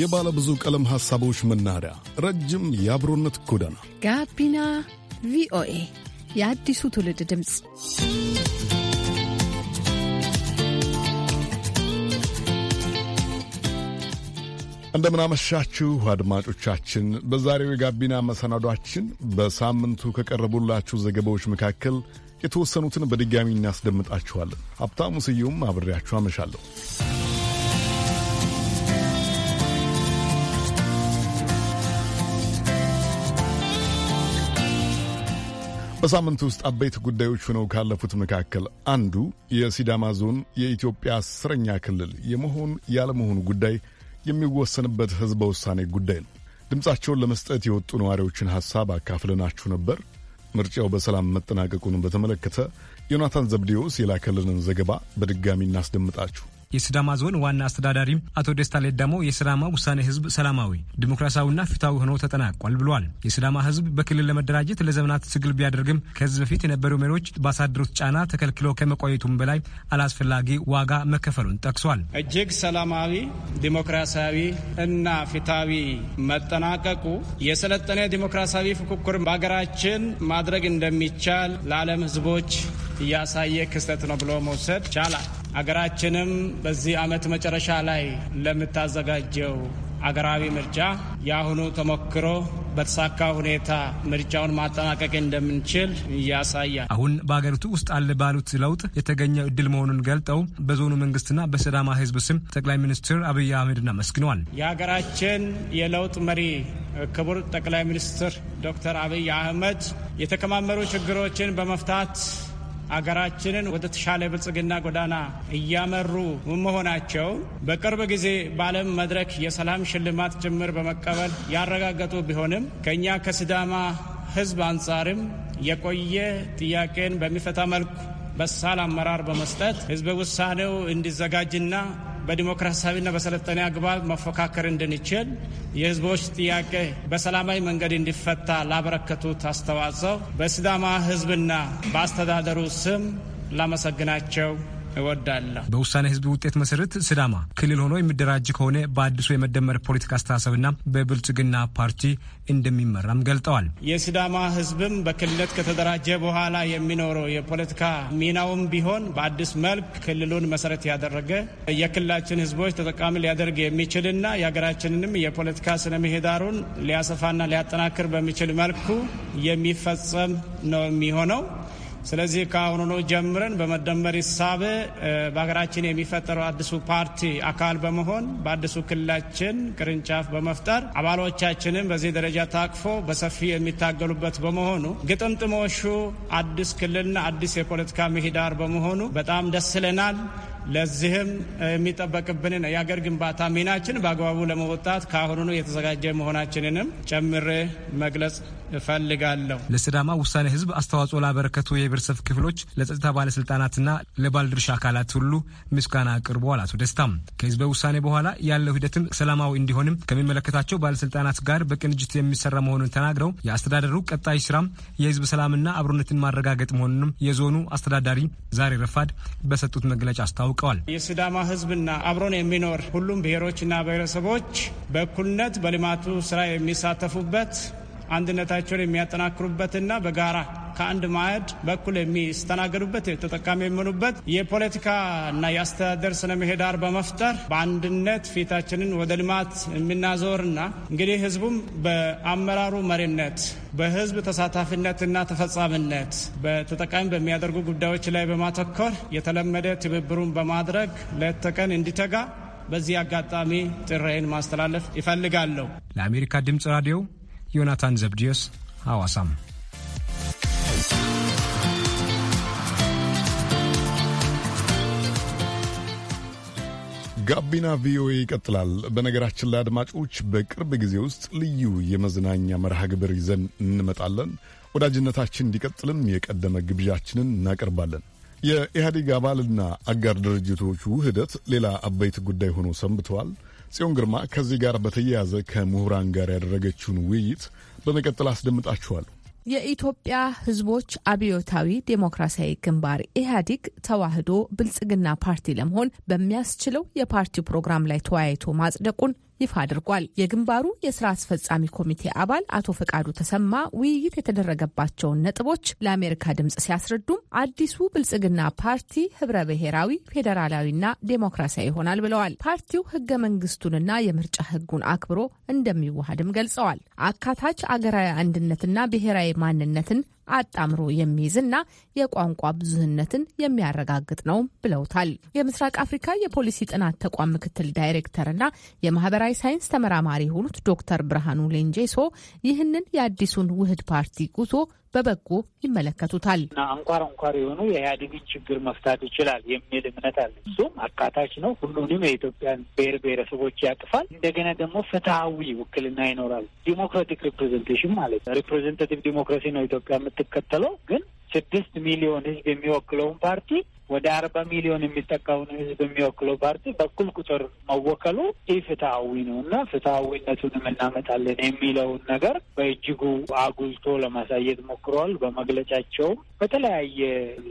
የባለ ብዙ ቀለም ሐሳቦች መናኸሪያ፣ ረጅም የአብሮነት ጎዳና ጋቢና ቪኦኤ የአዲሱ ትውልድ ድምፅ። እንደምናመሻችሁ አድማጮቻችን። በዛሬው የጋቢና መሰናዷችን በሳምንቱ ከቀረቡላችሁ ዘገባዎች መካከል የተወሰኑትን በድጋሚ እናስደምጣችኋለን። ሀብታሙ ስዩም አብሬያችሁ አመሻለሁ። በሳምንት ውስጥ አበይት ጉዳዮች ሆነው ካለፉት መካከል አንዱ የሲዳማ ዞን የኢትዮጵያ አስረኛ ክልል የመሆን ያለመሆኑ ጉዳይ የሚወሰንበት ሕዝበ ውሳኔ ጉዳይ ነው። ድምፃቸውን ለመስጠት የወጡ ነዋሪዎችን ሐሳብ አካፍለናችሁ ነበር። ምርጫው በሰላም መጠናቀቁን በተመለከተ ዮናታን ዘብዴዎስ የላከልንን ዘገባ በድጋሚ እናስደምጣችሁ። የስዳማ ዞን ዋና አስተዳዳሪ አቶ ደስታ ሌዳሞ የስዳማ ውሳኔ ህዝብ ሰላማዊ ዲሞክራሲያዊና ፍትሐዊ ሆኖ ተጠናቋል ብሏል። የስዳማ ህዝብ በክልል ለመደራጀት ለዘመናት ትግል ቢያደርግም ከህዝብ በፊት የነበሩ መሪዎች ባሳደሩት ጫና ተከልክሎ ከመቆየቱም በላይ አላስፈላጊ ዋጋ መከፈሉን ጠቅሷል። እጅግ ሰላማዊ ዲሞክራሲያዊ እና ፍትሐዊ መጠናቀቁ የሰለጠነ ዲሞክራሲያዊ ፉክክር በሀገራችን ማድረግ እንደሚቻል ለዓለም ህዝቦች እያሳየ ክስተት ነው ብሎ መውሰድ ይቻላል። አገራችንም በዚህ ዓመት መጨረሻ ላይ ለምታዘጋጀው አገራዊ ምርጫ የአሁኑ ተሞክሮ በተሳካ ሁኔታ ምርጫውን ማጠናቀቅ እንደምንችል ያሳያል። አሁን በሀገሪቱ ውስጥ አለ ባሉት ለውጥ የተገኘው እድል መሆኑን ገልጠው በዞኑ መንግስትና በሰዳማ ህዝብ ስም ጠቅላይ ሚኒስትር አብይ አህመድን አመስግነዋል። የሀገራችን የለውጥ መሪ ክቡር ጠቅላይ ሚኒስትር ዶክተር አብይ አህመድ የተከማመሩ ችግሮችን በመፍታት አገራችንን ወደ ተሻለ ብልጽግና ጎዳና እያመሩ መሆናቸው በቅርብ ጊዜ በዓለም መድረክ የሰላም ሽልማት ጭምር በመቀበል ያረጋገጡ ቢሆንም ከእኛ ከሲዳማ ሕዝብ አንጻርም የቆየ ጥያቄን በሚፈታ መልኩ በሳል አመራር በመስጠት ህዝበ ውሳኔው እንዲዘጋጅና በዲሞክራሲያዊና በሰለጠነ አግባብ መፎካከር እንድንችል የህዝቦች ጥያቄ በሰላማዊ መንገድ እንዲፈታ ላበረከቱት አስተዋጽኦ በሲዳማ ህዝብና በአስተዳደሩ ስም ላመሰግናቸው እወዳለሁ። በውሳኔ ህዝብ ውጤት መሰረት ስዳማ ክልል ሆኖ የሚደራጅ ከሆነ በአዲሱ የመደመር ፖለቲካ አስተሳሰብና በብልጽግና ፓርቲ እንደሚመራም ገልጠዋል። የስዳማ ህዝብም በክልልነት ከተደራጀ በኋላ የሚኖረው የፖለቲካ ሚናውም ቢሆን በአዲስ መልክ ክልሉን መሰረት ያደረገ የክልላችን ህዝቦች ተጠቃሚ ሊያደርግ የሚችልና የሀገራችንንም የፖለቲካ ስነ ምህዳሩን ሊያሰፋና ሊያጠናክር በሚችል መልኩ የሚፈጸም ነው የሚሆነው። ስለዚህ ከአሁኑኑ ጀምረን በመደመር ሂሳብ በሀገራችን የሚፈጠረው አዲሱ ፓርቲ አካል በመሆን በአዲሱ ክልላችን ቅርንጫፍ በመፍጠር አባሎቻችንም በዚህ ደረጃ ታቅፎ በሰፊ የሚታገሉበት በመሆኑ ግጥምጥሞሹ አዲስ ክልልና አዲስ የፖለቲካ ምህዳር በመሆኑ በጣም ደስ ይለናል። ለዚህም የሚጠበቅብንን የአገር ግንባታ ሚናችን በአግባቡ ለመወጣት ከአሁኑኑ የተዘጋጀ መሆናችንንም ጨምሬ መግለጽ እፈልጋለሁ። ለስዳማ ውሳኔ ህዝብ አስተዋጽኦ ላበረከቱ የብሔረሰብ ክፍሎች፣ ለጸጥታ ባለስልጣናትና ለባለድርሻ አካላት ሁሉ ምስጋና አቅርበዋል። አቶ ደስታም ከህዝበ ውሳኔ በኋላ ያለው ሂደትም ሰላማዊ እንዲሆንም ከሚመለከታቸው ባለስልጣናት ጋር በቅንጅት የሚሰራ መሆኑን ተናግረው የአስተዳደሩ ቀጣይ ስራም የህዝብ ሰላምና አብሮነትን ማረጋገጥ መሆኑንም የዞኑ አስተዳዳሪ ዛሬ ረፋድ በሰጡት መግለጫ አስታው አስታውቀዋል። የስዳማ ህዝብና አብሮን የሚኖር ሁሉም ብሔሮችና ብሔረሰቦች በእኩልነት በልማቱ ስራ የሚሳተፉበት አንድነታቸውን የሚያጠናክሩበትና በጋራ ከአንድ ማዕድ በኩል የሚስተናገዱበት ተጠቃሚ የሚሆኑበት የፖለቲካና የአስተዳደር ስነ ምህዳር በመፍጠር በአንድነት ፊታችንን ወደ ልማት የምናዞርና እንግዲህ ህዝቡም በአመራሩ መሪነት በህዝብ ተሳታፊነትና ተፈጻሚነት በተጠቃሚ በሚያደርጉ ጉዳዮች ላይ በማተኮር የተለመደ ትብብሩን በማድረግ ሌት ተቀን እንዲተጋ በዚህ አጋጣሚ ጥሬን ማስተላለፍ ይፈልጋለሁ። ለአሜሪካ ድምፅ ራዲዮ ዮናታን ዘብዲዮስ ሐዋሳም ጋቢና ቪኦኤ ይቀጥላል። በነገራችን ላይ አድማጮች፣ በቅርብ ጊዜ ውስጥ ልዩ የመዝናኛ መርሃ ግብር ይዘን እንመጣለን። ወዳጅነታችን እንዲቀጥልም የቀደመ ግብዣችንን እናቀርባለን። የኢህአዴግ አባልና አጋር ድርጅቶች ውህደት ሌላ አበይት ጉዳይ ሆኖ ሰንብተዋል። ጽዮን ግርማ ከዚህ ጋር በተያያዘ ከምሁራን ጋር ያደረገችውን ውይይት በመቀጠል አስደምጣችኋለሁ። የኢትዮጵያ ሕዝቦች አብዮታዊ ዴሞክራሲያዊ ግንባር ኢህአዲግ ተዋህዶ ብልጽግና ፓርቲ ለመሆን በሚያስችለው የፓርቲው ፕሮግራም ላይ ተወያይቶ ማጽደቁን ይፋ አድርጓል። የግንባሩ የስራ አስፈጻሚ ኮሚቴ አባል አቶ ፈቃዱ ተሰማ ውይይት የተደረገባቸውን ነጥቦች ለአሜሪካ ድምጽ ሲያስረዱም አዲሱ ብልጽግና ፓርቲ ህብረ ብሔራዊ ፌዴራላዊና ዴሞክራሲያዊ ይሆናል ብለዋል። ፓርቲው ህገ መንግስቱንና የምርጫ ህጉን አክብሮ እንደሚዋሃድም ገልጸዋል። አካታች አገራዊ አንድነትና ብሔራዊ ማንነትን አጣምሮ የሚይዝና የቋንቋ ብዙህነትን የሚያረጋግጥ ነው ብለውታል። የምስራቅ አፍሪካ የፖሊሲ ጥናት ተቋም ምክትል ዳይሬክተርና የማህበራዊ ሳይንስ ተመራማሪ የሆኑት ዶክተር ብርሃኑ ሌንጄሶ ይህንን የአዲሱን ውህድ ፓርቲ ጉዞ በበጎ ይመለከቱታል። እና አንኳር አንኳር የሆኑ የኢህአዴግን ችግር መፍታት ይችላል የሚል እምነት አለ። እሱም አካታች ነው። ሁሉንም የኢትዮጵያን ብሔር ብሔረሰቦች ያቅፋል። እንደገና ደግሞ ፍትሐዊ ውክልና ይኖራል። ዲሞክራቲክ ሪፕሬዘንቴሽን ማለት ነው። ሪፕሬዘንታቲቭ ዲሞክራሲ ነው ኢትዮጵያ የምትከተለው ግን ስድስት ሚሊዮን ህዝብ የሚወክለውን ፓርቲ ወደ አርባ ሚሊዮን የሚጠጋውን ህዝብ የሚወክለው ፓርቲ በኩል ቁጥር መወከሉ ኢፍትሐዊ ነው እና ፍትሐዊነቱንም እናመጣለን የሚለውን ነገር በእጅጉ አጉልቶ ለማሳየት ሞክረዋል። በመግለጫቸውም በተለያየ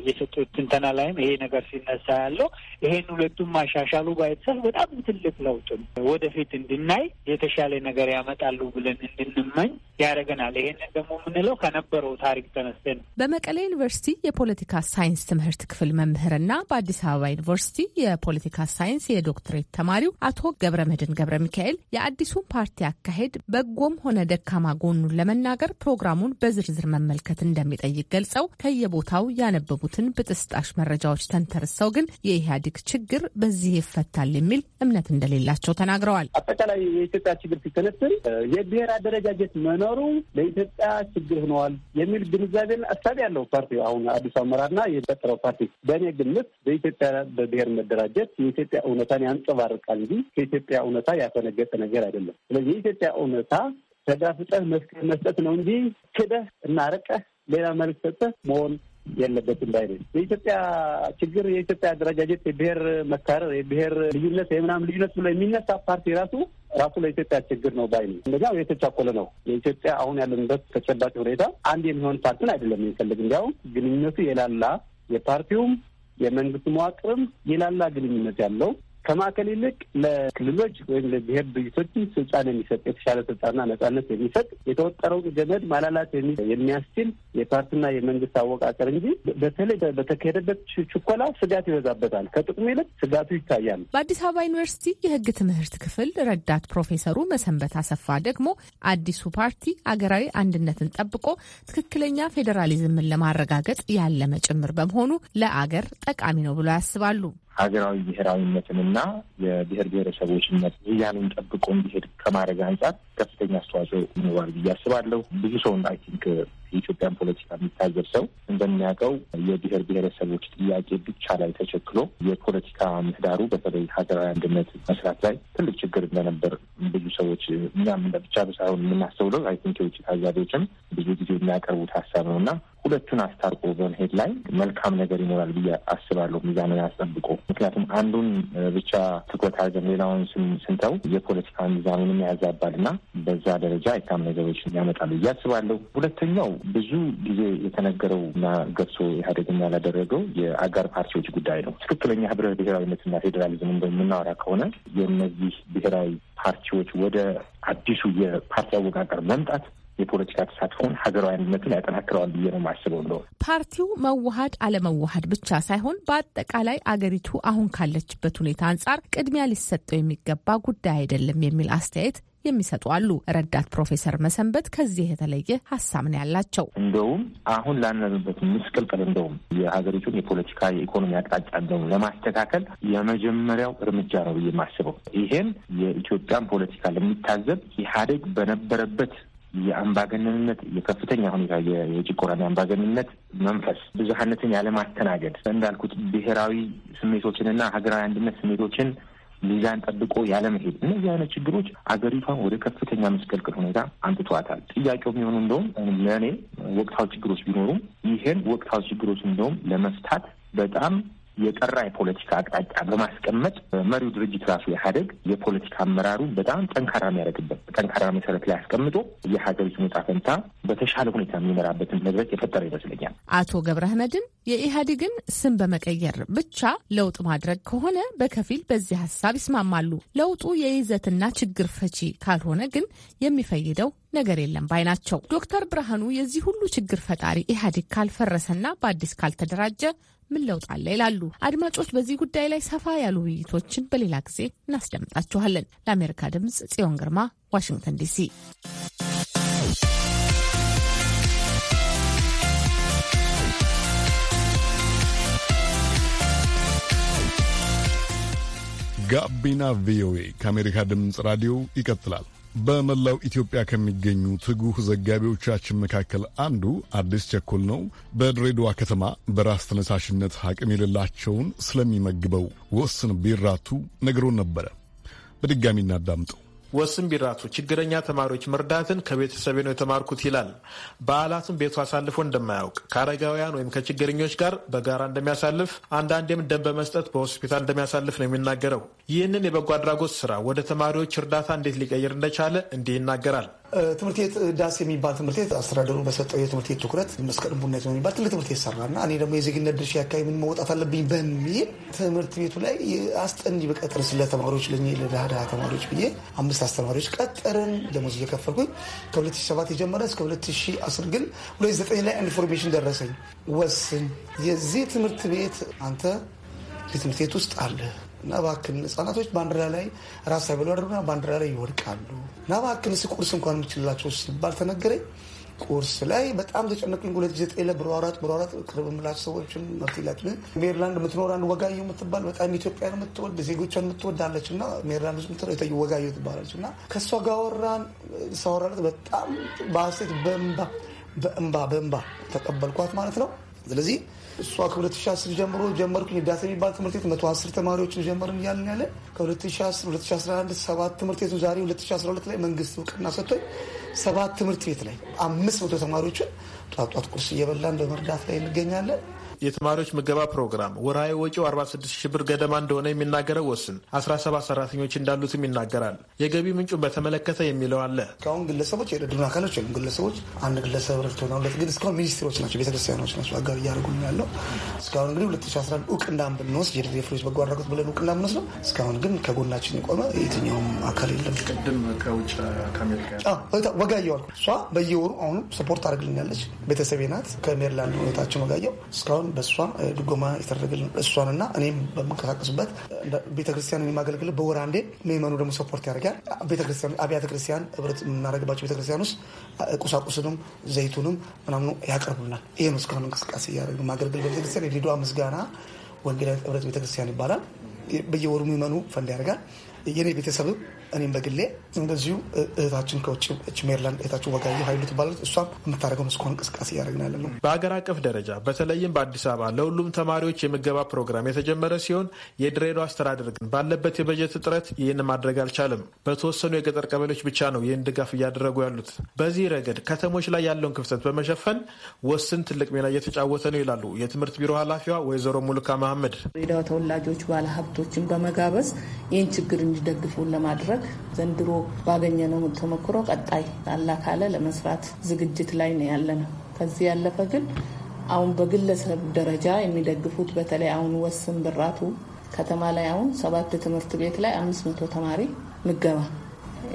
የሰጡት ትንተና ላይም ይሄ ነገር ሲነሳ ያለው ይሄን ሁለቱም ማሻሻሉ ባይተሰል በጣም ትልቅ ለውጥ ወደፊት እንድናይ የተሻለ ነገር ያመጣሉ ብለን እንድንመኝ ያደርገናል። ይሄንን ደግሞ የምንለው ከነበረው ታሪክ ተነስተን በመቀሌ ዩኒቨርሲቲ የፖለቲካ ሳይንስ ትምህርት ክፍል መምህር መምህርና በአዲስ አበባ ዩኒቨርሲቲ የፖለቲካ ሳይንስ የዶክትሬት ተማሪው አቶ ገብረ መድን ገብረ ሚካኤል የአዲሱን ፓርቲ አካሄድ በጎም ሆነ ደካማ ጎኑን ለመናገር ፕሮግራሙን በዝርዝር መመልከት እንደሚጠይቅ ገልጸው ከየቦታው ያነበቡትን ብጥስጣሽ መረጃዎች ተንተርሰው ግን የኢህአዴግ ችግር በዚህ ይፈታል የሚል እምነት እንደሌላቸው ተናግረዋል። አጠቃላይ የኢትዮጵያ ችግር ሲተነትን የብሔር አደረጃጀት መኖሩ ለኢትዮጵያ ችግር ሆነዋል የሚል ግንዛቤን አሳቢ ያለው ፓርቲ አሁን አዲሱ አመራርና የፈጠረው ፓርቲ በእኔ ግምት በኢትዮጵያ በብሔር መደራጀት የኢትዮጵያ እውነታን ያንጸባርቃል እንጂ ከኢትዮጵያ እውነታ ያፈነገጠ ነገር አይደለም። ስለዚህ የኢትዮጵያ እውነታ ተጋፍጠህ መስጠት ነው እንጂ ክደህ እና ሌላ መልክ ሰጠህ መሆን የለበትም ባይ ነኝ። የኢትዮጵያ ችግር የኢትዮጵያ አደረጃጀት የብሔር መካረር፣ የብሔር ልዩነት፣ የምናምን ልዩነት ብሎ የሚነሳ ፓርቲ ራሱ ራሱ ለኢትዮጵያ ችግር ነው ባይ ነኝ። እንደዚያው የተቻኮለ ነው። የኢትዮጵያ አሁን ያለንበት ተጨባጭ ሁኔታ አንድ የሚሆን ፓርቲን አይደለም የሚፈልግ እንዲያውም ግንኙነቱ የላላ የፓርቲውም የመንግስት መዋቅርም የላላ ግንኙነት ያለው ከማዕከል ይልቅ ለክልሎች ወይም ለብሔር ድርጅቶችን ስልጣን የሚሰጥ የተሻለ ስልጣንና ነጻነት የሚሰጥ የተወጠረውን ገመድ ማላላት የሚያስችል የፓርቲና የመንግስት አወቃቀር እንጂ በተለይ በተካሄደበት ችኮላ ስጋት ይበዛበታል። ከጥቅሙ ይልቅ ስጋቱ ይታያል። በአዲስ አበባ ዩኒቨርሲቲ የህግ ትምህርት ክፍል ረዳት ፕሮፌሰሩ መሰንበት አሰፋ ደግሞ አዲሱ ፓርቲ አገራዊ አንድነትን ጠብቆ ትክክለኛ ፌዴራሊዝምን ለማረጋገጥ ያለመ ጭምር በመሆኑ ለአገር ጠቃሚ ነው ብሎ ያስባሉ። ሀገራዊ ብሔራዊነትንና የብሔር ብሔረሰቦችነት ሚዛኑን ጠብቆ እንዲሄድ ከማድረግ አንጻር ከፍተኛ አስተዋጽኦ ይኖራል ብዬ አስባለሁ። ብዙ ሰው አይ ቲንክ የኢትዮጵያን ፖለቲካ የሚታዘብ ሰው እንደሚያውቀው የብሔር ብሔረሰቦች ጥያቄ ብቻ ላይ ተቸክሎ የፖለቲካ ምህዳሩ በተለይ ሀገራዊ አንድነት መስራት ላይ ትልቅ ችግር እንደነበር ብዙ ሰዎች እኛም ብቻ ሳይሆን የምናስተውለው አይ ቲንክ የውጭ ታዛቢዎችም ብዙ ጊዜ የሚያቀርቡት ሀሳብ ነው እና ሁለቱን አስታርቆ በመሄድ ላይ መልካም ነገር ይኖራል ብዬ አስባለሁ። ሚዛኑን አስጠብቆ ምክንያቱም አንዱን ብቻ ትኩረት አድርገን ሌላውን ስንተው የፖለቲካ ሚዛኑንም ያዛባል እና በዛ ደረጃ የካም ነገሮች ያመጣሉ ብዬ አስባለሁ። ሁለተኛው ብዙ ጊዜ የተነገረው እና ገብሶ ኢህአዴግም ያላደረገው የአጋር ፓርቲዎች ጉዳይ ነው። ትክክለኛ ህብረ ብሔራዊነትና ፌዴራሊዝም እንደምናወራ ከሆነ የእነዚህ ብሔራዊ ፓርቲዎች ወደ አዲሱ የፓርቲ አወቃቀር መምጣት የፖለቲካ ተሳትፎን ሀገራዊ አንድነትን ያጠናክረዋል ብዬ ነው ማስበው። እንደሆነ ፓርቲው መዋሀድ አለመዋሀድ ብቻ ሳይሆን በአጠቃላይ አገሪቱ አሁን ካለችበት ሁኔታ አንጻር ቅድሚያ ሊሰጠው የሚገባ ጉዳይ አይደለም የሚል አስተያየት የሚሰጡ አሉ። ረዳት ፕሮፌሰር መሰንበት ከዚህ የተለየ ሀሳብ ነው ያላቸው። እንደውም አሁን ላለንበት ምስቅልቅል እንደውም የሀገሪቱን የፖለቲካ የኢኮኖሚ አቅጣጫ እንደውም ለማስተካከል የመጀመሪያው እርምጃ ነው ብዬ የማስበው ይሄን የኢትዮጵያን ፖለቲካ ለሚታዘብ ኢህአዴግ በነበረበት የአምባገነንነት የከፍተኛ ሁኔታ የጭቆናን የአምባገነንነት መንፈስ ብዙሀነትን ያለማስተናገድ እንዳልኩት ብሔራዊ ስሜቶችንና ሀገራዊ አንድነት ስሜቶችን ሚዛን ጠብቆ ያለመሄድ እነዚህ አይነት ችግሮች አገሪቷን ወደ ከፍተኛ መስቀልቅል ሁኔታ አንጥቷታል። ጥያቄው የሚሆኑ እንደውም ለእኔ ወቅታዊ ችግሮች ቢኖሩም ይህን ወቅታዊ ችግሮች እንደውም ለመፍታት በጣም የጠራ የፖለቲካ አቅጣጫ በማስቀመጥ መሪው ድርጅት ራሱ ኢህአዴግ የፖለቲካ አመራሩ በጣም ጠንካራ የሚያደርግበት ጠንካራ መሰረት ላይ አስቀምጦ የሀገሪቱ ዕጣ ፈንታ በተሻለ ሁኔታ የሚመራበትን መድረክ የፈጠረ ይመስለኛል። አቶ ገብረ አህመድም የኢህአዴግን ስም በመቀየር ብቻ ለውጥ ማድረግ ከሆነ በከፊል በዚህ ሀሳብ ይስማማሉ። ለውጡ የይዘትና ችግር ፈቺ ካልሆነ ግን የሚፈይደው ነገር የለም ባይ ናቸው። ዶክተር ብርሃኑ የዚህ ሁሉ ችግር ፈጣሪ ኢህአዴግ ካልፈረሰና በአዲስ ካልተደራጀ ምን ለውጥ አለ ይላሉ። አድማጮች፣ በዚህ ጉዳይ ላይ ሰፋ ያሉ ውይይቶችን በሌላ ጊዜ እናስደምጣችኋለን። ለአሜሪካ ድምጽ ጽዮን ግርማ፣ ዋሽንግተን ዲሲ። ጋቢና ቪኦኤ ከአሜሪካ ድምፅ ራዲዮ ይቀጥላል። በመላው ኢትዮጵያ ከሚገኙ ትጉህ ዘጋቢዎቻችን መካከል አንዱ አዲስ ቸኮል ነው። በድሬዳዋ ከተማ በራስ ተነሳሽነት አቅም የሌላቸውን ስለሚመግበው ወስን ቢራቱ ነግሮን ነበረ። በድጋሚ እናዳምጠው። ወስም ቢራቱ ችግረኛ ተማሪዎች መርዳትን ከቤተሰቤ ነው የተማርኩት ይላል። በዓላቱን ቤቱ አሳልፎ እንደማያውቅ ከአረጋውያን ወይም ከችግረኞች ጋር በጋራ እንደሚያሳልፍ አንዳንዴም ደም በመስጠት በሆስፒታል እንደሚያሳልፍ ነው የሚናገረው። ይህንን የበጎ አድራጎት ስራ ወደ ተማሪዎች እርዳታ እንዴት ሊቀይር እንደቻለ እንዲህ ይናገራል። ትምህርት ቤት ዳስ የሚባል ትምህርት ቤት አስተዳደሩ በሰጠው የትምህርት ቤት ትኩረት እስከ ቅንቡነት የሚባል ትልቅ ትምህርት ቤት ሰራና እኔ ደግሞ የዜግነት ድርሻ አካባቢ ምን መውጣት አለብኝ በሚል ትምህርት ቤቱ ላይ አስጠንጅ በቀጥር ስለ ተማሪዎች ለ ለድሃ ተማሪዎች ብዬ አምስት አስተማሪዎች ቀጠርን። ደሞዝ እየከፈልኩኝ ከ2007 የጀመረ እስከ 2010 ግን 2009 ላይ ኢንፎርሜሽን ደረሰኝ ወስን የዚህ ትምህርት ቤት አንተ የትምህርት ቤት ውስጥ አለ እና እባክህን ህጻናቶች ባንዲራ ላይ ራስ ሳይበሉ ያደርጉና ባንዲራ ላይ ይወድቃሉ። እና እባክህን እስኪ ቁርስ እንኳን የምችልላቸው ሲባል ተነገረኝ። ቁርስ ላይ በጣም ተጨነቅን። ሁለት ጊዜ ጤለ ብሯራጥ ብሯራጥ ቅርብ ምላች ሰዎችን መፍትላች ሜሪላንድ የምትኖር አንድ ወጋየሁ የምትባል በጣም ኢትዮጵያን የምትወድ ዜጎቿን የምትወዳለች እና ሜሪላንድ ውስጥ የተዩ ወጋየሁ ትባላለች እና ከእሷ ጋር አወራን። ሳወራለት በጣም በሀሴት በእንባ በእንባ በእንባ ተቀበልኳት ማለት ነው። ስለዚህ እሷ ከ2010 ጀምሮ ጀመርኩኝ እዳታ የሚባል ትምህርት ቤት 110 ተማሪዎችን ጀመርን እያልን ያለ ከ2010 2011 ሰባት ትምህርት ቤቱ ዛሬ 2012 ላይ መንግስት እውቅና ሰጥቶኝ ሰባት ትምህርት ቤት ላይ አምስት መቶ ተማሪዎችን ጧጧት ቁርስ እየበላን በመርዳት ላይ እንገኛለን። የተማሪዎች ምገባ ፕሮግራም ወርሃዊ ወጪው 46 ሺህ ብር ገደማ እንደሆነ የሚናገረው ወስን 17 ሰራተኞች እንዳሉትም ይናገራል። የገቢ ምንጩን በተመለከተ የሚለው አለ። እስካሁን ግለሰቦች የረዱን አካሎች ወይም ግለሰቦች አንድ ግለሰብ ረድቶና ሁለት ግን እስካሁን ሚኒስትሮች ናቸው፣ ቤተክርስቲያኖች ናቸው አጋር እያደረጉ ያለው እስካሁን እንግዲህ 2011 እውቅና ብንወስድ የድሬ ፍሬዎች በጎ አድራጎት ብለን እውቅና ብንወስድ ነው። እስካሁን ግን ከጎናችን የቆመ የትኛውም አካል የለም። ቅድም ከውጭ ከአሜሪካ ወጋየው አልኩ። እሷ በየወሩ አሁንም ሰፖርት አድርግልኛለች። ቤተሰቤ ናት። ከሜሪላንድ ሁኔታችን ወጋየው እስካሁን በእሷም ድጎማ የተደረገልን እሷንና እኔም በምንቀሳቀሱበት ቤተክርስቲያን የማገልግል በወር አንዴ ምዕመኑ ደግሞ ሰፖርት ያደርጋል። ቤተክርስቲያን አብያተ ክርስቲያን ህብረት የምናደርግባቸው ቤተክርስቲያን ውስጥ ቁሳቁስንም ዘይቱንም ምናምኑ ያቀርቡልናል። ይህ ነው እስካሁን እንቅስቃሴ እያደረግን ማገልግል በቤተክርስቲያን የሊዷ ምስጋና ወንጌላዊት ህብረት ቤተክርስቲያን ይባላል። በየወሩ ምዕመኑ ፈንድ ያደርጋል። የኔ ቤተሰብም እኔም በግሌ እንደዚሁ እህታችን ከውጭ ሜሪላንድ እህታችን ወጋየ ሀይሉ ትባላለች። እሷ የምታደርገው መስኮ እንቅስቃሴ እያደረግን ያለ ነው። በሀገር አቀፍ ደረጃ በተለይም በአዲስ አበባ ለሁሉም ተማሪዎች የምገባ ፕሮግራም የተጀመረ ሲሆን የድሬዳዋ አስተዳደር ግን ባለበት የበጀት እጥረት ይህን ማድረግ አልቻለም። በተወሰኑ የገጠር ቀበሌዎች ብቻ ነው ይህን ድጋፍ እያደረጉ ያሉት። በዚህ ረገድ ከተሞች ላይ ያለውን ክፍተት በመሸፈን ወስን ትልቅ ሚና እየተጫወተ ነው ይላሉ የትምህርት ቢሮ ኃላፊዋ ወይዘሮ ሙልካ መሐመድ። ድሬዳዋ ተወላጆች ባለሀብቶችን በመጋበዝ ይህን ችግር እንዲደግፉን ለማድረግ ለማድረግ ዘንድሮ ባገኘነው ተሞክሮ ቀጣይ አላ ካለ ለመስራት ዝግጅት ላይ ነው ያለ ነው። ከዚህ ያለፈ ግን አሁን በግለሰብ ደረጃ የሚደግፉት በተለይ አሁን ወስን ብራቱ ከተማ ላይ አሁን ሰባት ትምህርት ቤት ላይ አምስት መቶ ተማሪ ምገባ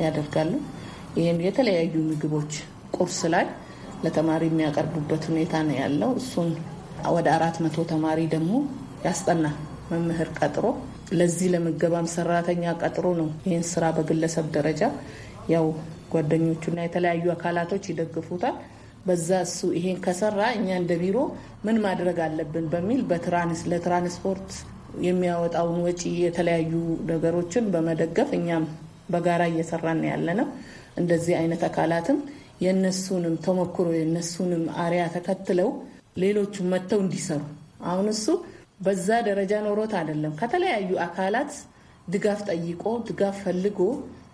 ያደርጋሉ። ይህም የተለያዩ ምግቦች ቁርስ ላይ ለተማሪ የሚያቀርቡበት ሁኔታ ነው ያለው። እሱን ወደ አራት መቶ ተማሪ ደግሞ ያስጠና መምህር ቀጥሮ ለዚህ ለምገባም ሰራተኛ ቀጥሮ ነው ይህን ስራ በግለሰብ ደረጃ ያው ጓደኞቹና የተለያዩ አካላቶች ይደግፉታል። በዛ እሱ ይሄን ከሰራ እኛ እንደ ቢሮ ምን ማድረግ አለብን በሚል ለትራንስፖርት የሚያወጣውን ወጪ የተለያዩ ነገሮችን በመደገፍ እኛም በጋራ እየሰራን ያለ ነው። እንደዚህ አይነት አካላትም የእነሱንም ተሞክሮ የእነሱንም አሪያ ተከትለው ሌሎቹ መጥተው እንዲሰሩ አሁን እሱ በዛ ደረጃ ኖሮት አይደለም። ከተለያዩ አካላት ድጋፍ ጠይቆ ድጋፍ ፈልጎ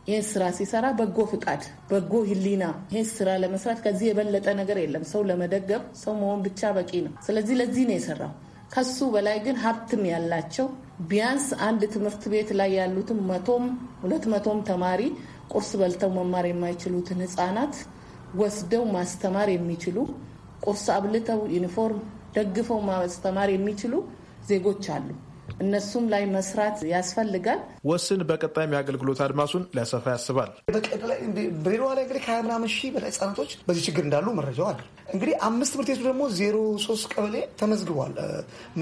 ይህን ስራ ሲሰራ በጎ ፍቃድ፣ በጎ ህሊና ይህን ስራ ለመስራት ከዚህ የበለጠ ነገር የለም። ሰው ለመደገፍ ሰው መሆን ብቻ በቂ ነው። ስለዚህ ለዚህ ነው የሰራው። ከሱ በላይ ግን ሀብትም ያላቸው ቢያንስ አንድ ትምህርት ቤት ላይ ያሉትም መቶም ሁለት መቶም ተማሪ ቁርስ በልተው መማር የማይችሉትን ህጻናት ወስደው ማስተማር የሚችሉ ቁርስ አብልተው ዩኒፎርም ደግፈው ማስተማር የሚችሉ ዜጎች አሉ። እነሱም ላይ መስራት ያስፈልጋል። ወስን በቀጣይም የአገልግሎት አድማሱን ሊያሰፋ ያስባል። በሌሎ ላይ እንግዲህ ከሀያ ምናምን ሺህ በላይ ህጻናቶች በዚህ ችግር እንዳሉ መረጃው አለ። እንግዲህ አምስት ትምህርት ቤቱ ደግሞ ዜሮ ሶስት ቀበሌ ተመዝግቧል።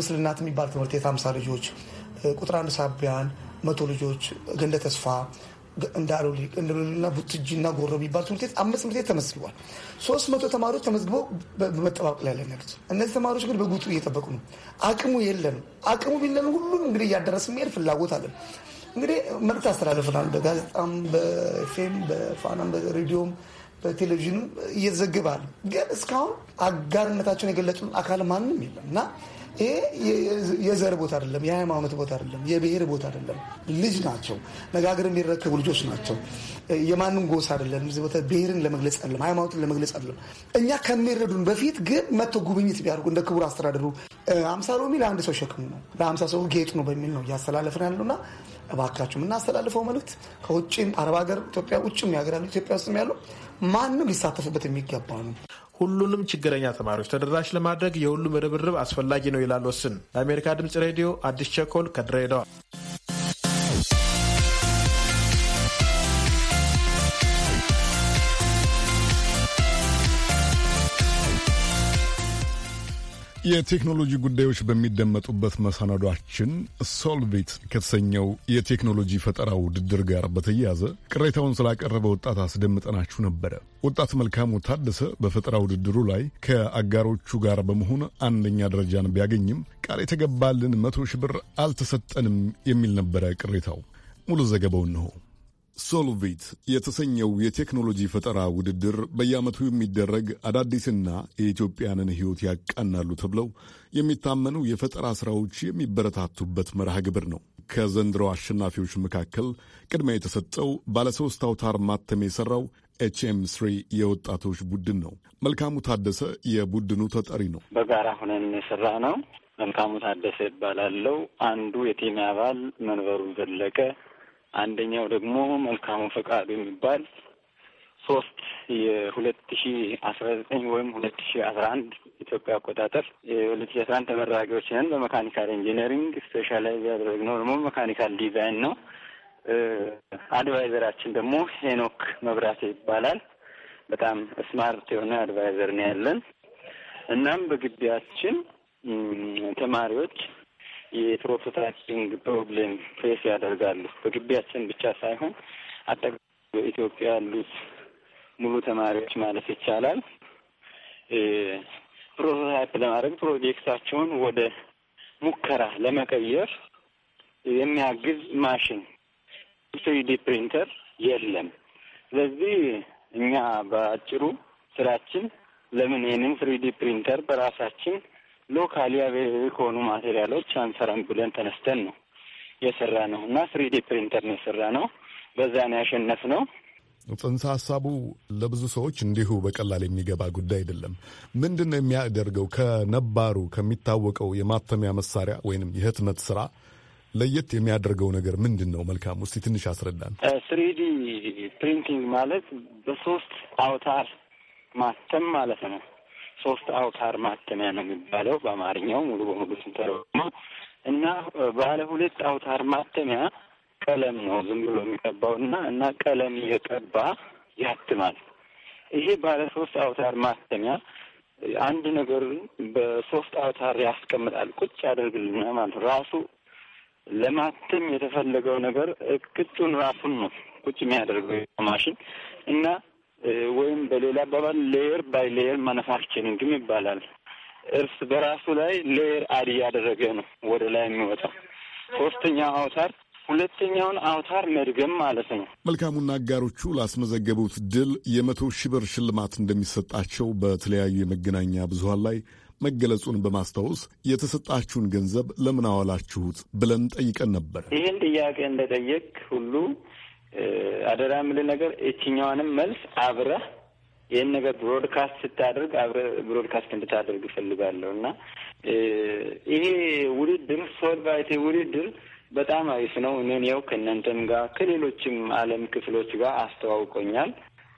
ምስልናት የሚባል ትምህርት ቤት አምሳ ልጆች ቁጥር አንድ ሳቢያን መቶ ልጆች ገንደ ተስፋ እንደ አሮሊ እና ቡትጂ እና ጎሮ የሚባል ትምህርት ቤት አምስት ትምህርት ቤት ተመዝግቧል። ሶስት መቶ ተማሪዎች ተመዝግበው በመጠባበቅ ላይ ያሉት እነዚህ ተማሪዎች ግን በጉጡ እየጠበቁ ነው። አቅሙ የለንም። አቅሙ ቢለን ሁሉም እንግዲህ እያደረስ የሚሄድ ፍላጎት አለን። እንግዲህ መልዕክት አስተላልፈናል። በጋዜጣም፣ በኤፍኤም፣ በፋናም፣ በሬዲዮም በቴሌቪዥኑ እየዘግባል። ግን እስካሁን አጋርነታቸውን የገለጹ አካል ማንም የለም እና ይሄ የዘር ቦታ አይደለም፣ የሃይማኖት ቦታ አይደለም፣ የብሔር ቦታ አይደለም። ልጅ ናቸው፣ መጋገር የሚረከቡ ልጆች ናቸው። የማንም ጎሳ አይደለም። እዚህ ቦታ ብሔርን ለመግለጽ አይደለም፣ ሃይማኖትን ለመግለጽ አይደለም። እኛ ከሚረዱን በፊት ግን መጥቶ ጉብኝት ቢያደርጉ እንደ ክቡር አስተዳደሩ አምሳ ሎሚ ለአንድ ሰው ሸክሙ ነው፣ ለአምሳ ሰው ጌጥ ነው በሚል ነው እያስተላለፍን ያለውና እባካችሁ የምናስተላልፈው መልእክት ከውጭም አረብ ሀገር ኢትዮጵያ ውጭም ያገራሉ ኢትዮጵያ ውስጥም ያለው ማንም ሊሳተፍበት የሚገባ ነው። ሁሉንም ችግረኛ ተማሪዎች ተደራሽ ለማድረግ የሁሉም ርብርብ አስፈላጊ ነው ይላል ወስን። ለአሜሪካ ድምጽ ሬዲዮ አዲስ ቸኮል ከድሬዳዋ የቴክኖሎጂ ጉዳዮች በሚደመጡበት መሰናዷችን ሶልቪት ከተሰኘው የቴክኖሎጂ ፈጠራ ውድድር ጋር በተያያዘ ቅሬታውን ስላቀረበ ወጣት አስደምጠናችሁ ነበረ። ወጣት መልካሙ ታደሰ በፈጠራ ውድድሩ ላይ ከአጋሮቹ ጋር በመሆን አንደኛ ደረጃን ቢያገኝም ቃል የተገባልን መቶ ሺህ ብር አልተሰጠንም የሚል ነበረ ቅሬታው። ሙሉ ዘገባውን ነው። ሶልቪት የተሰኘው የቴክኖሎጂ ፈጠራ ውድድር በየዓመቱ የሚደረግ አዳዲስና የኢትዮጵያንን ሕይወት ያቃናሉ ተብለው የሚታመኑ የፈጠራ ሥራዎች የሚበረታቱበት መርሃ ግብር ነው። ከዘንድሮ አሸናፊዎች መካከል ቅድሚያ የተሰጠው ባለሶስት አውታር ማተም የሠራው ኤችኤም ስሪ የወጣቶች ቡድን ነው። መልካሙ ታደሰ የቡድኑ ተጠሪ ነው። በጋራ ሆነን የሰራ ነው። መልካሙ ታደሰ ይባላለው። አንዱ የቲም አባል መንበሩ ዘለቀ አንደኛው ደግሞ መልካሙ ፈቃዱ የሚባል ሶስት የሁለት ሺ አስራ ዘጠኝ ወይም ሁለት ሺ አስራ አንድ ኢትዮጵያ አቆጣጠር የሁለት ሺ አስራ አንድ ተመራቂዎች ነን። በመካኒካል ኢንጂነሪንግ ስፔሻላይዝ ያደረግነው ደግሞ መካኒካል ዲዛይን ነው። አድቫይዘራችን ደግሞ ሄኖክ መብራት ይባላል። በጣም ስማርት የሆነ አድቫይዘር ነው ያለን። እናም በግቢያችን ተማሪዎች የፕሮቶታይፒንግ ፕሮብሌም ፌስ ያደርጋሉ። በግቢያችን ብቻ ሳይሆን አጠቃ በኢትዮጵያ ያሉት ሙሉ ተማሪዎች ማለት ይቻላል ፕሮቶታይፕ ለማድረግ ፕሮጀክታቸውን ወደ ሙከራ ለመቀየር የሚያግዝ ማሽን ትሪዲ ፕሪንተር የለም። ስለዚህ እኛ በአጭሩ ስራችን ለምን ይህንን ትሪዲ ፕሪንተር በራሳችን ሎካሊ አቬይላብል ከሆኑ ማቴሪያሎች አንሰራም ብለን ተነስተን ነው የሰራ ነው እና ስሪዲ ፕሪንተር ነው የሰራ ነው። በዛ ነው ያሸነፍ ነው። ጽንሰ ሀሳቡ ለብዙ ሰዎች እንዲሁ በቀላል የሚገባ ጉዳይ አይደለም። ምንድን ነው የሚያደርገው ከነባሩ ከሚታወቀው የማተሚያ መሳሪያ ወይንም የህትመት ስራ ለየት የሚያደርገው ነገር ምንድን ነው? መልካም ውስጥ ትንሽ አስረዳን። ስሪዲ ፕሪንቲንግ ማለት በሶስት አውታር ማተም ማለት ነው። ሶስት አውታር ማተሚያ ነው የሚባለው በአማርኛው ሙሉ በሙሉ ስንተረጉመ እና ባለ ሁለት አውታር ማተሚያ ቀለም ነው ዝም ብሎ የሚቀባው እና እና ቀለም እየቀባ ያትማል። ይሄ ባለ ሶስት አውታር ማተሚያ አንድ ነገር በሶስት አውታር ያስቀምጣል፣ ቁጭ ያደርግልና ማለት ራሱ ለማተም የተፈለገው ነገር ቅጡን ራሱን ነው ቁጭ የሚያደርገው ማሽን እና ወይም በሌላ አባባል ሌየር ባይ ሌየር ማኑፋክቸሪንግም ይባላል። እርስ በራሱ ላይ ሌየር አድ እያደረገ ነው ወደ ላይ የሚወጣው ሶስተኛው አውታር ሁለተኛውን አውታር መድገም ማለት ነው። መልካሙና አጋሮቹ ላስመዘገቡት ድል የመቶ ሺህ ብር ሽልማት እንደሚሰጣቸው በተለያዩ የመገናኛ ብዙሀን ላይ መገለጹን በማስታወስ የተሰጣችሁን ገንዘብ ለምን አዋላችሁት ብለን ጠይቀን ነበር። ይህን ጥያቄ እንደጠየቅ ሁሉ አደራ የምልህ ነገር የትኛዋንም መልስ አብረህ ይህን ነገር ብሮድካስት ስታደርግ አብረ ብሮድካስት እንድታደርግ እፈልጋለሁ እና ይሄ ውድድር ሶልቫይቴ ውድድር በጣም አሪፍ ነው። እኔን ያው ከእናንተም ጋር ከሌሎችም ዓለም ክፍሎች ጋር አስተዋውቆኛል።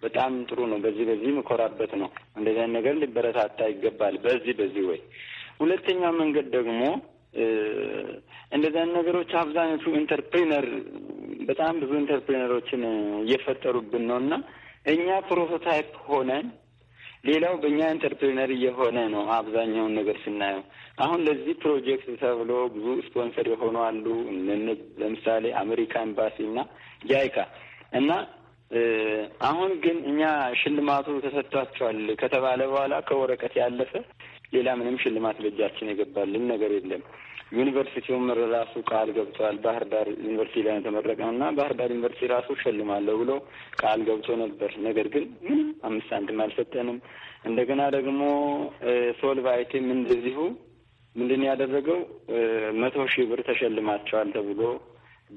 በጣም ጥሩ ነው። በዚህ በዚህ ምኮራበት ነው። እንደዚህ ነገር ሊበረታታ ይገባል። በዚህ በዚህ ወይ ሁለተኛው መንገድ ደግሞ እንደዚህ አይነት ነገሮች አብዛኞቹ ኢንተርፕሪነር በጣም ብዙ ኢንተርፕሪነሮችን እየፈጠሩብን ነው እና እኛ ፕሮቶታይፕ ሆነን ሌላው በእኛ ኢንተርፕሪነር እየሆነ ነው። አብዛኛውን ነገር ስናየው አሁን ለዚህ ፕሮጀክት ተብሎ ብዙ ስፖንሰር የሆኑ አሉ። ለምሳሌ አሜሪካ ኤምባሲ እና ጃይካ እና አሁን ግን እኛ ሽልማቱ ተሰጥቷቸዋል ከተባለ በኋላ ከወረቀት ያለፈ ሌላ ምንም ሽልማት በእጃችን የገባልን ነገር የለም። ዩኒቨርሲቲውም ራሱ ቃል ገብቷል። ባህር ዳር ዩኒቨርሲቲ ላይ የተመረቅነው እና ባህር ዳር ዩኒቨርሲቲ ራሱ ሸልማለሁ ብሎ ቃል ገብቶ ነበር። ነገር ግን ምንም አምስት አንድም አልሰጠንም። እንደገና ደግሞ ሶልቫይቲም እንደዚሁ ምንድን ያደረገው መቶ ሺህ ብር ተሸልማቸዋል ተብሎ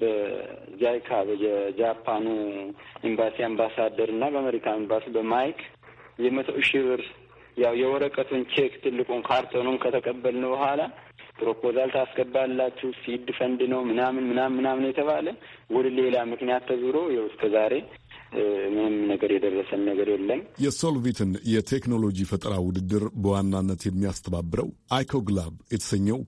በጃይካ በጃፓኑ ኤምባሲ አምባሳደር እና በአሜሪካ ኤምባሲ በማይክ የመቶ ሺህ ብር ያው የወረቀቱን ቼክ ትልቁን ካርቶኑን ከተቀበልን በኋላ ፕሮፖዛል ታስገባላችሁ፣ ሲድ ፈንድ ነው ምናምን ምናምን ምናምን የተባለ ወደ ሌላ ምክንያት ተዙሮ ይኸው እስከ ዛሬ ምንም ነገር የደረሰን ነገር የለም። የሶልቪትን የቴክኖሎጂ ፈጠራ ውድድር በዋናነት የሚያስተባብረው አይኮግላብ የተሰኘው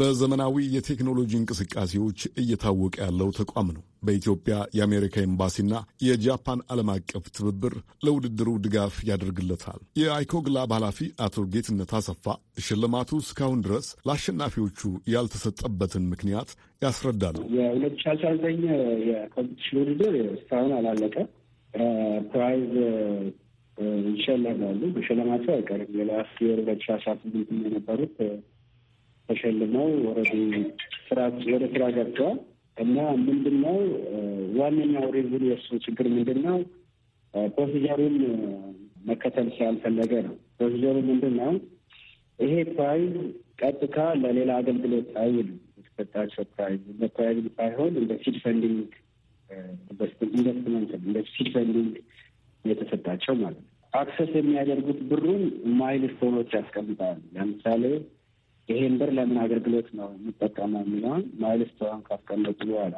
በዘመናዊ የቴክኖሎጂ እንቅስቃሴዎች እየታወቀ ያለው ተቋም ነው። በኢትዮጵያ የአሜሪካ ኤምባሲና የጃፓን ዓለም አቀፍ ትብብር ለውድድሩ ድጋፍ ያደርግለታል። የአይኮግ ላብ ኃላፊ አቶ ጌትነት አሰፋ ሽልማቱ እስካሁን ድረስ ለአሸናፊዎቹ ያልተሰጠበትን ምክንያት ያስረዳሉ። የሁለት ሺ አስራ ዘጠኝ የኮምፒቲሽን ውድድር እስካሁን አላለቀ። ፕራይዝ ይሸለማሉ፣ መሸለማቸው አይቀርም። የላስት ሁለት ሺ አስራ ስምንት የነበሩት ተሸልመው ወረዱ ወደ ስራ ገብተዋል እና ምንድን ነው ዋነኛው ሪዝን የእሱ ችግር ምንድን ነው? ፕሮሲጀሩን መከተል ስላልፈለገ ነው። ፕሮሲጀሩ ምንድን ነው? ይሄ ፕራይዝ ቀጥታ ለሌላ አገልግሎት አይውልም። የተሰጣቸው ፕራይዝ ለፕራይዝ ሳይሆን እንደ ሲድ ፈንዲንግ ኢንቨስትመንት እንደ ሲድ ፈንዲንግ የተሰጣቸው ማለት ነው። አክሰስ የሚያደርጉት ብሩን ማይልስቶኖች ያስቀምጣል። ለምሳሌ ይሄን ብር ለምን አገልግሎት ነው የሚጠቀመው የሚለውን ማይልስቶን ካስቀመጡ በኋላ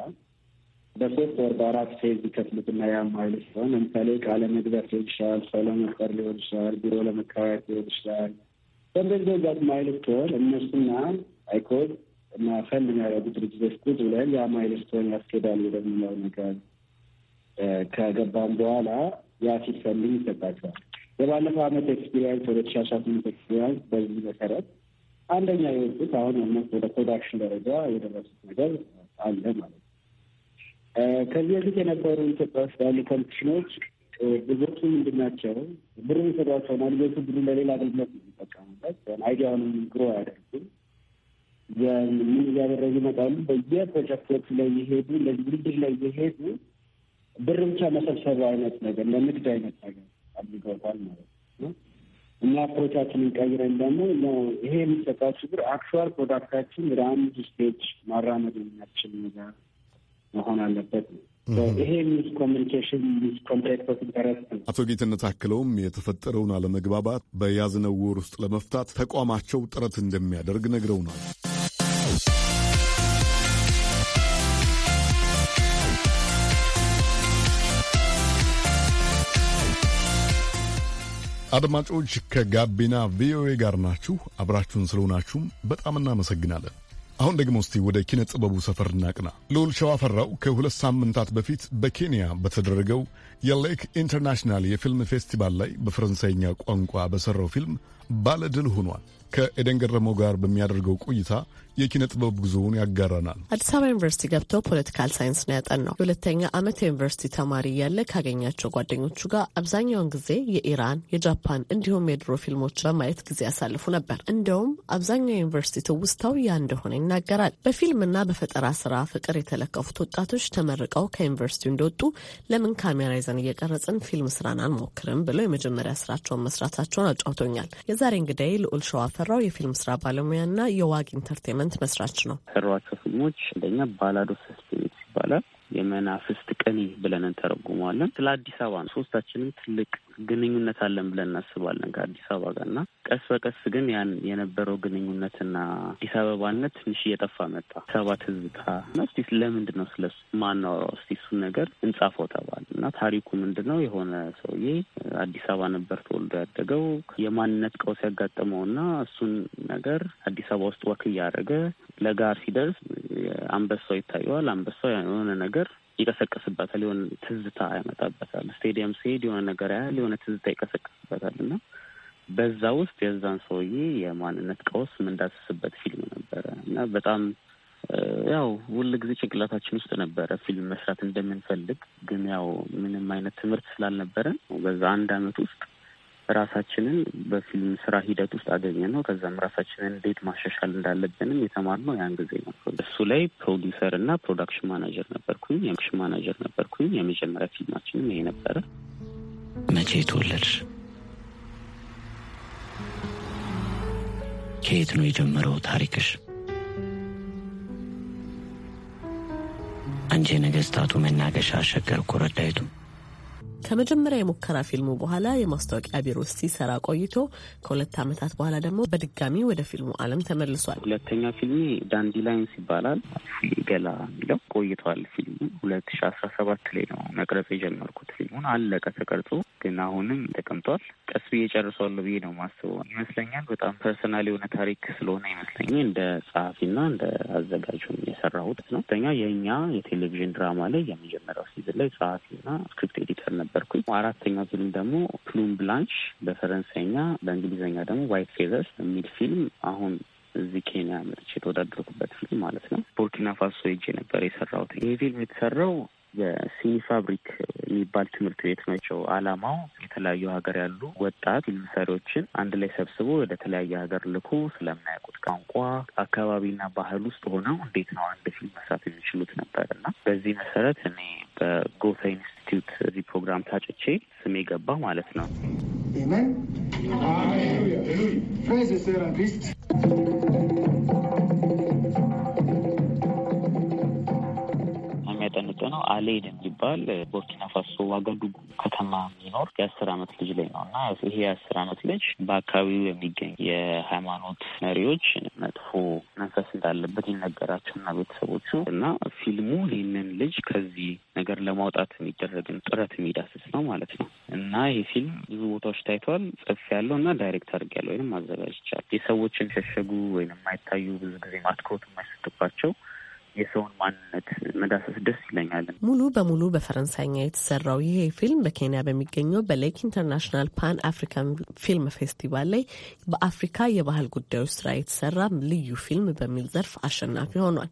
በሶስት ወር በአራት ፌዝ ይከፍሉትና ያ ማይልስቶን ለምሳሌ ቃለ መግዛት ሊሆን ይችላል፣ ሰው ለመቅጠር ሊሆን ይችላል፣ ቢሮ ለመከራየት ሊሆን ይችላል። በእንደዚህ ዛት ማይልስቶን እነሱና አይኮድ እና ፈንድ የሚያደርጉ ድርጅቶች ቁጭ ብለን ያ ማይልስቶን ያስኬዳል ወደሚለው ነገር ከገባም በኋላ ያ ሲድ ፈንዲንግ ይሰጣቸዋል። የባለፈው አመት ኤክስፒሪንስ ወደ ተሻሻ ስምንት ኤክስፒሪንስ በዚህ መሰረት አንደኛ የወጡት አሁን ኦልሞስት ወደ ፕሮዳክሽን ደረጃ የደረሱት ነገር አለ ማለት ነው። ከዚህ በፊት የነበሩ ኢትዮጵያ ውስጥ ያሉ ፖለቲሽኖች ብዙዎቹ ምንድን ናቸው ብሩ ይሰጧቸው ማልቤቱ ብሩ ለሌላ አገልግሎት ነው የሚጠቀሙበት። አይዲያውንም ግሮ አያደርጉም። ምን እያደረጉ ይመጣሉ? በየፕሮጀክቶቹ ላይ እየሄዱ እንደዚህ ውድድር ላይ እየሄዱ ብር ብቻ መሰብሰቡ አይነት ነገር ለንግድ አይነት ነገር አድርገውታል ማለት ነው። እና አፕሮቻችንን ቀይረን ደግሞ ይሄ የሚሰጣው ችግር አክቹዋል ፕሮዳክታችን ወደ አንድ ስቴጅ ማራመድ የሚያስችል ነገር መሆን አለበት ነው። ይሄ ሚስ ኮሚኒኬሽን ሚስ ኮንታክት ኢንተረስት ነው። አቶ ጌትነት አክለውም የተፈጠረውን አለመግባባት በያዝነው ወር ውስጥ ለመፍታት ተቋማቸው ጥረት እንደሚያደርግ ነግረውናል። አድማጮች ከጋቢና ቪኦኤ ጋር ናችሁ። አብራችሁን ስለሆናችሁም በጣም እናመሰግናለን። አሁን ደግሞ እስቲ ወደ ኪነ ጥበቡ ሰፈር እናቅና። ልዑል ሸዋፈራው ከሁለት ሳምንታት በፊት በኬንያ በተደረገው የሌክ ኢንተርናሽናል የፊልም ፌስቲቫል ላይ በፈረንሳይኛ ቋንቋ በሠራው ፊልም ባለድል ሆኗል። ከኤደን ገረመው ጋር በሚያደርገው ቆይታ የኪነ ጥበብ ጉዞውን ያጋራናል። አዲስ አበባ ዩኒቨርሲቲ ገብቶ ፖለቲካል ሳይንስ ነው ያጠናው። የሁለተኛ ዓመት የዩኒቨርሲቲ ተማሪ እያለ ካገኛቸው ጓደኞቹ ጋር አብዛኛውን ጊዜ የኢራን፣ የጃፓን እንዲሁም የድሮ ፊልሞች በማየት ጊዜ ያሳልፉ ነበር። እንደውም አብዛኛው ዩኒቨርሲቲ ትውስታው ያ እንደሆነ ይናገራል። በፊልምና በፈጠራ ስራ ፍቅር የተለከፉት ወጣቶች ተመርቀው ከዩኒቨርሲቲ እንደወጡ ለምን ካሜራ ይዘን እየቀረጽን ፊልም ስራን አንሞክርም ብለው የመጀመሪያ ስራቸውን መስራታቸውን አጫውቶኛል። የዛሬ እንግዳይ ልዑል ሸዋፍ ሽፈራው የፊልም ስራ ባለሙያና የዋግ ኢንተርቴንመንት መስራች ነው። ሰሯቸው ፊልሞች አንደኛ ባላዶ ስስት ይባላል የመናፍስት ቅኔ ብለን እንተረጉመዋለን። ስለ አዲስ አበባ ነው። ሶስታችንም ትልቅ ግንኙነት አለን ብለን እናስባለን ከአዲስ አበባ ጋር እና ቀስ በቀስ ግን ያን የነበረው ግንኙነትና አዲስ አበባነት ትንሽ እየጠፋ መጣ። አበባ ትዝታ እና እስቲ ለምንድን ነው ስለ ማናወራው? እስቲ እሱን ነገር እንጻፈው ተባል እና ታሪኩ ምንድን ነው? የሆነ ሰውዬ አዲስ አበባ ነበር ተወልዶ ያደገው የማንነት ቀውስ ያጋጠመውና እሱን ነገር አዲስ አበባ ውስጥ ወክ እያደረገ ለጋር ሲደርስ አንበሳው ይታየዋል። አንበሳው የሆነ ነገር ይቀሰቅስበታል። የሆነ ትዝታ ያመጣበታል። ስቴዲየም ሲሄድ የሆነ ነገር ያህል የሆነ ትዝታ ይቀሰቅስበታል እና በዛ ውስጥ የዛን ሰውዬ የማንነት ቀውስ ምንዳስስበት ፊልም ነበረ እና በጣም ያው ሁል ጊዜ ጭንቅላታችን ውስጥ ነበረ ፊልም መስራት እንደምንፈልግ፣ ግን ያው ምንም አይነት ትምህርት ስላልነበረን በዛ አንድ አመት ውስጥ ራሳችንን በፊልም ስራ ሂደት ውስጥ አገኘ ነው። ከዛም ራሳችንን እንዴት ማሻሻል እንዳለብንም የተማርነው ያን ጊዜ ነው። እሱ ላይ ፕሮዲውሰር እና ፕሮዳክሽን ማናጀር ነበርኩኝ። የክሽን ማናጀር ነበርኩኝ። የመጀመሪያ ፊልማችንም ይሄ ነበረ። መቼ የተወለድሽ? ከየት ነው የጀመረው ታሪክሽ? አንቺ የነገስታቱ መናገሻ አሸገር ኮረዳይቱ ከመጀመሪያ የሙከራ ፊልሙ በኋላ የማስታወቂያ ቢሮ ሲሰራ ቆይቶ ከሁለት ዓመታት በኋላ ደግሞ በድጋሚ ወደ ፊልሙ ዓለም ተመልሷል። ሁለተኛ ፊልሜ ላይንስ ይባላል። ገላ የሚለው ቆይቷል። ፊልሙ ሁለት ሺ አስራ ሰባት ላይ ነው መቅረጽ የጀመርኩት። ፊልሙን አለቀ ተቀርጾ፣ ግን አሁንም ተቀምጧል። ቀስ ብዬ ጨርሰዋለሁ ብዬ ነው ማስበው ይመስለኛል። በጣም ፐርሰናል የሆነ ታሪክ ስለሆነ ይመስለኛል እንደ ጸሐፊና እንደ አዘጋጁ የሰራሁት ነው። ሁለተኛ የእኛ የቴሌቪዥን ድራማ ላይ የመጀመሪያው ሲዝን ላይ ጸሐፊና ስክሪፕት ኤዲተር ነበር ነበርኩኝ። አራተኛው ፊልም ደግሞ ፕሉም ብላንሽ በፈረንሳይኛ በእንግሊዝኛ ደግሞ ዋይት ፌዘርስ የሚል ፊልም አሁን እዚህ ኬንያ መጥቼ የተወዳደርኩበት ፊልም ማለት ነው። ቡርኪና ፋሶ ሄጄ ነበር የሰራሁት። ይህ ፊልም የተሰራው የሲኒ ፋብሪክ የሚባል ትምህርት ቤት ናቸው። አላማው የተለያዩ ሀገር ያሉ ወጣት ፊልም ሰሪዎችን አንድ ላይ ሰብስቦ ወደ ተለያየ ሀገር ልኮ ስለማያውቁት ቋንቋ፣ አካባቢና ባህል ውስጥ ሆነው እንዴት ነው አንድ ፊልም መስራት የሚችሉት ነበር እና በዚህ መሰረት እኔ በጎተ ኢንስቲ ኢንስቲትዩት እዚህ ፕሮግራም ታጭቼ ስሜ ገባ ማለት ነው። አሜን ነው። አሌድ የሚባል ቦርኪና ፋሶ ዋጋዱጉ ከተማ የሚኖር የአስር አመት ልጅ ላይ ነው እና ይሄ የአስር አመት ልጅ በአካባቢው የሚገኝ የሃይማኖት መሪዎች መጥፎ መንፈስ እንዳለበት ይነገራቸው እና ቤተሰቦቹ እና ፊልሙ ይህንን ልጅ ከዚህ ነገር ለማውጣት የሚደረግን ጥረት የሚዳስስ ነው ማለት ነው እና ይህ ፊልም ብዙ ቦታዎች ታይቷል። ጽፍ ያለው እና ዳይሬክት አድርግ ያለው ወይም አዘጋጅቻል የሰዎችን ሸሸጉ ወይም የማይታዩ ብዙ ጊዜ አትኩሮት የማይሰጥባቸው የሰውን ማንነት መዳሰስ ደስ ይለኛል። ሙሉ በሙሉ በፈረንሳይኛ የተሰራው ይሄ ፊልም በኬንያ በሚገኘው በሌክ ኢንተርናሽናል ፓን አፍሪካን ፊልም ፌስቲቫል ላይ በአፍሪካ የባህል ጉዳዮች ስራ የተሰራ ልዩ ፊልም በሚል ዘርፍ አሸናፊ ሆኗል።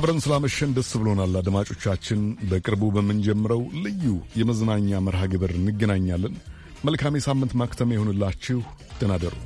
አብረን ስላመሸን ደስ ብሎናል። አድማጮቻችን፣ በቅርቡ በምንጀምረው ልዩ የመዝናኛ መርሃ ግብር እንገናኛለን። መልካም የሳምንት ማክተም የሆንላችሁ። ደህና ደሩ።